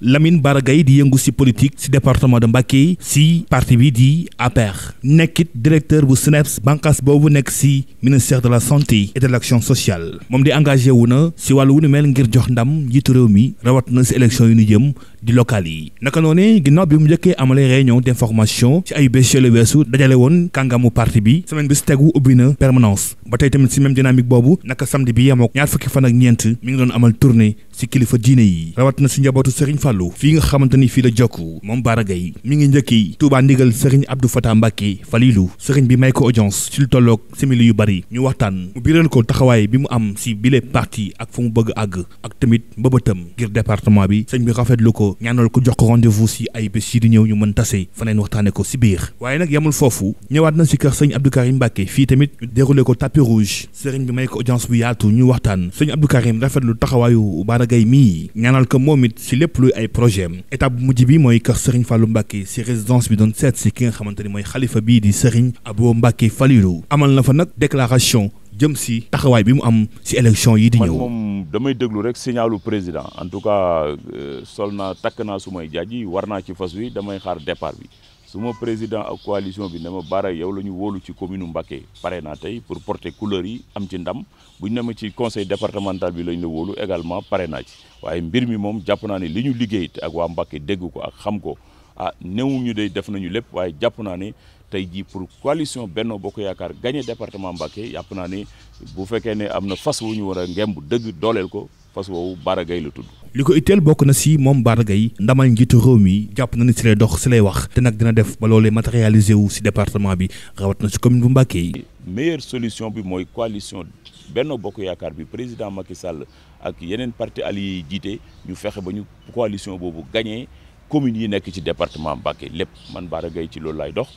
Lamine Bara Gaye di yëngu si politique si département de Mbacké si parti bii di APR nekkit directeur bu SNEIPS banqas boobu nekk ci ministère de la santé et de l'action sociale moom di engagé wu na ci wàllu wu nu mel ngir jox ndam njiitu réew mi rawat na ci élection yu nu jëm di local yi naka noonu ginnaaw bi mu njëkkee amale réunion d'information ci ay bés yële weesu dajale woon kàngamu parti bi semaine bi si tegu ubbi na permanence ba tey tamit si même dynamique boobu naka samedi bi yemook ñaar fukki fan ak ñeent mi ngi doon amal tournée si kilifa diine yi rawat na si njabootu Serigne Fallou fii nga xamante ni fii la jokk moom Bara Gaye mi ngi njëkki Touba ndigal Serigne Abdou Fatah Mbacké Falilou Serigne bi may ko audience ci lu tolloog simili yu bari ñu waxtaan mu biral ko taxawaay bi mu am si bile parti ak fu mu bëgg àgg ak tamit mbëbëtam ngir département bi sëñ bi rafetlu ko ko ñaanal ko jox ko rendez-vous si ay bés yi di ñëw ñu mën tase faneen waxtaane ko si biir waaye nag yemul foofu ñëwaat na si kër sëñ Abdou Karim Mbacke fii tamit ñu déroulé ko tapis rouge sëriñ bi may ko audience bu yaatu ñu waxtaan sëñ Abdou Karim rafetlu taxawaayu Bara Gaye mii ñaanal ko moom it si lépp luy ay projet am étape bu mujj bi mooy kër sëriñ Fallou Mbacke si résidence bi doon seet si ki nga xamante ni mooy xalifa bii di sëriñ Abo Mbacke Falilou amal na fa nag déclaration jëm si taxawaay bi mu am si élection yi di ñëw moom damay déglu rek signalu président en tout cas euh, sol na takk naa sumay may jaaj war naa ci fas wi damay xaar départ bi suma président ak coalition bi ne ma baara yow la ñu wóolu ci commune u Mbacké pare naa tey pour porté couleur yi am ci ndam bu ñu ne ma ci conseil départemental bi lañ la wóolu également pare naa ci waaye mbir mi moom jàpp naa ne li ñu liggéey ak waa Mbacké dégg ko ak xam ko ah néew ñu day def nañu lépp waaye jàpp naa ne tey jii pour coalition Benno Bokk Yaakaar gagné département Mbacké yàpp naa ni bu fekkee ne am na fas wu ñu war a ngemb dëgg dooleel ko fas woowu Bara Gaye la tudd. li ko itteel bokk na si moom Bara Gaye ndamal njiitu réew mi jàpp na ni si lay dox si lay wax te nag dina def ba loolee matérialisé wu si département bi rawat na si commune bu mbakkee yi. meilleure solution bi mooy coalition Benno Bokk Yaakaar bi président Macky Sall ak yeneen parti alliés jiite ñu fexe ba ñu coalition boobu gagné. communes yi nekk ci département Mbacké lépp man Bara Gaye ci loolu laay dox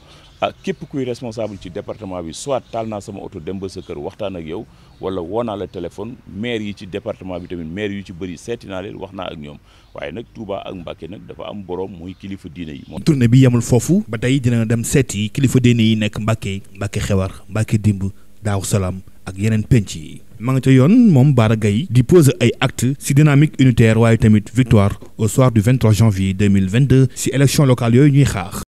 ah képp kuy responsable ci département bi soit taal naa sama oto dem ba sa kër waxtaan ak yow wala woo naa la téléphone maire yi ci département bi tamit maire yu ci bëri seeti naa leen wax naa ak ñoom waaye nag Touba ak Mbacké nag dafa am borom muy kilifa diine yi. tournée bi yemul foofu ba tey dina dem seeti kilifa diine yi nekk Mbacké Mbacké xewar Mbacké dimb daaw salaam. ak yeneen penc yi maa nga ca yoon moom Bara Gaye di poser ay actes ci dynamique unitaire waaye tamit victoire au soir du 23 janvier 2022 ci élection locale yooyu ñuy xaar